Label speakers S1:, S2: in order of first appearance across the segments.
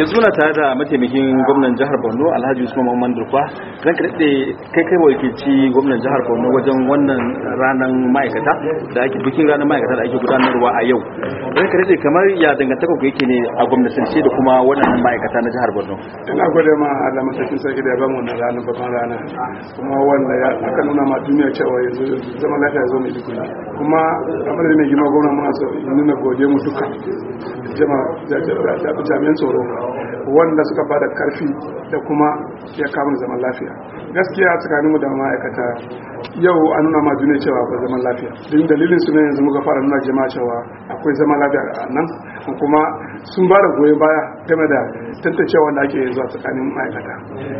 S1: yanzu na tare da mataimakin gwamnan jihar borno alhaji usman mamman durkwa zan ka daɗe kai kai ci gwamnan jihar borno wajen wannan ranar ma'aikata da ake bikin ranar ma'aikata da ake gudanarwa a yau zan ka daɗe kamar ya dangantaka ku yake ne a gwamnatance da kuma
S2: wannan ma'aikata na jihar borno ina gode ma jami'an tsoro wanda suka bada karfi da kuma ya kawo zaman lafiya gaskiya tsakaninmu da ma'aikata yau an nuna ma duniya cewa akwai zaman lafiya don dalilin su ne yanzu muka fara nuna jama'a cewa akwai zaman lafiya a nan kuma sun ba da goyon baya game da tantancewa da ake yanzu a tsakanin ma'aikata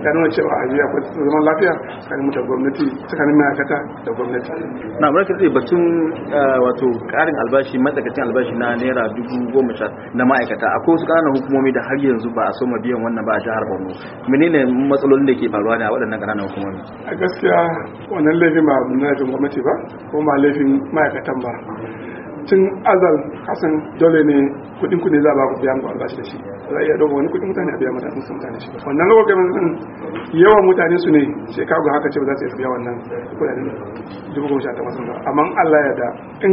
S2: ya nuna cewa a jiya akwai zaman lafiya tsakanin da gwamnati tsakanin ma'aikata da gwamnati na
S1: barka tsaye batun eh, wato karin albashi matsakacin albashi na naira dubu goma sha na ma'aikata akwai wasu ƙananan hukumomi da har yanzu ba a soma biyan wannan ba a jihar borno menene matsalolin da ke faruwa da waɗannan ƙananan hukumomi
S2: a gaskiya wannan laifin ba abu na gwamnati ba ko ma laifin ma'aikatan ba tun azal kasan dole ne kudin ku ne za ba ku biya mu albashi da shi za a iya dogo wani kudin mutane a biya mutane sun mutane shi wannan lokacin mun yawan mutane su ne sai ka ga haka ce ba za su iya biya wannan kudaden dubu goma sha takwas ba amma Allah ya da in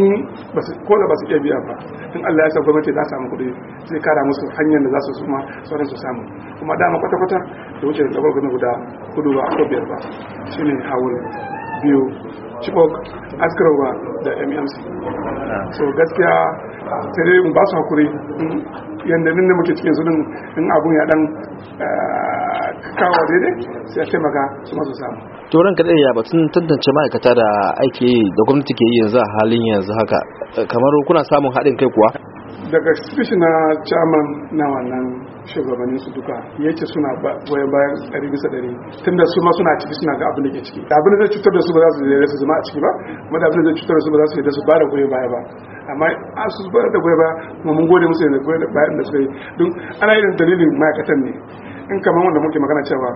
S2: ba su ko da ba su iya biya ba in Allah ya sa gwamnati za ta samu kudi sai kara musu hanyar da za su suma sauran su samu kuma dama kwata-kwata da wuce da gabar gani guda kudu ba ko biyar ba shine hawul biyu chibok askarwa da mmc so gaskiya sai dai mu ba su hakuri yadda nan da muke cikin su in abun ya dan eh, kawo daidai sai a taimaka su masu samu
S1: to ranka ya batun tantance ma'aikata da aiki da gwamnati ke yi yanzu a halin yanzu haka eh, kamar kuna samun haɗin kai kuwa
S2: daga spishi na chairman na wannan shugabannin su duka ya ce suna goyon bayan ɗari bisa ɗari tunda su ma suna ciki suna ga abin da ke ciki abin da zai cutar da su ba za su yarda su zama a ciki ba kuma da abin da zai cutar da su ba za su da su ba da goyon baya ba amma a su ba da goyon baya kuma mun gode musu da goyon bayan da suka yi don ana yin dalilin ma'aikatan ne in kamar wanda muke magana cewa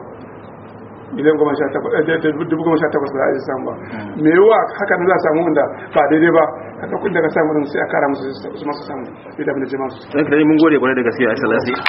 S2: miliyan goma sha takwas eh, ba a yi samu ba mai yiwuwa haka na za a samu wanda ba daidai ba a ɗaukun daga samun sai a kara musu masu samu idan da jama'a su.
S1: Ɗan kare mun gode kwanar da gaske a salasi.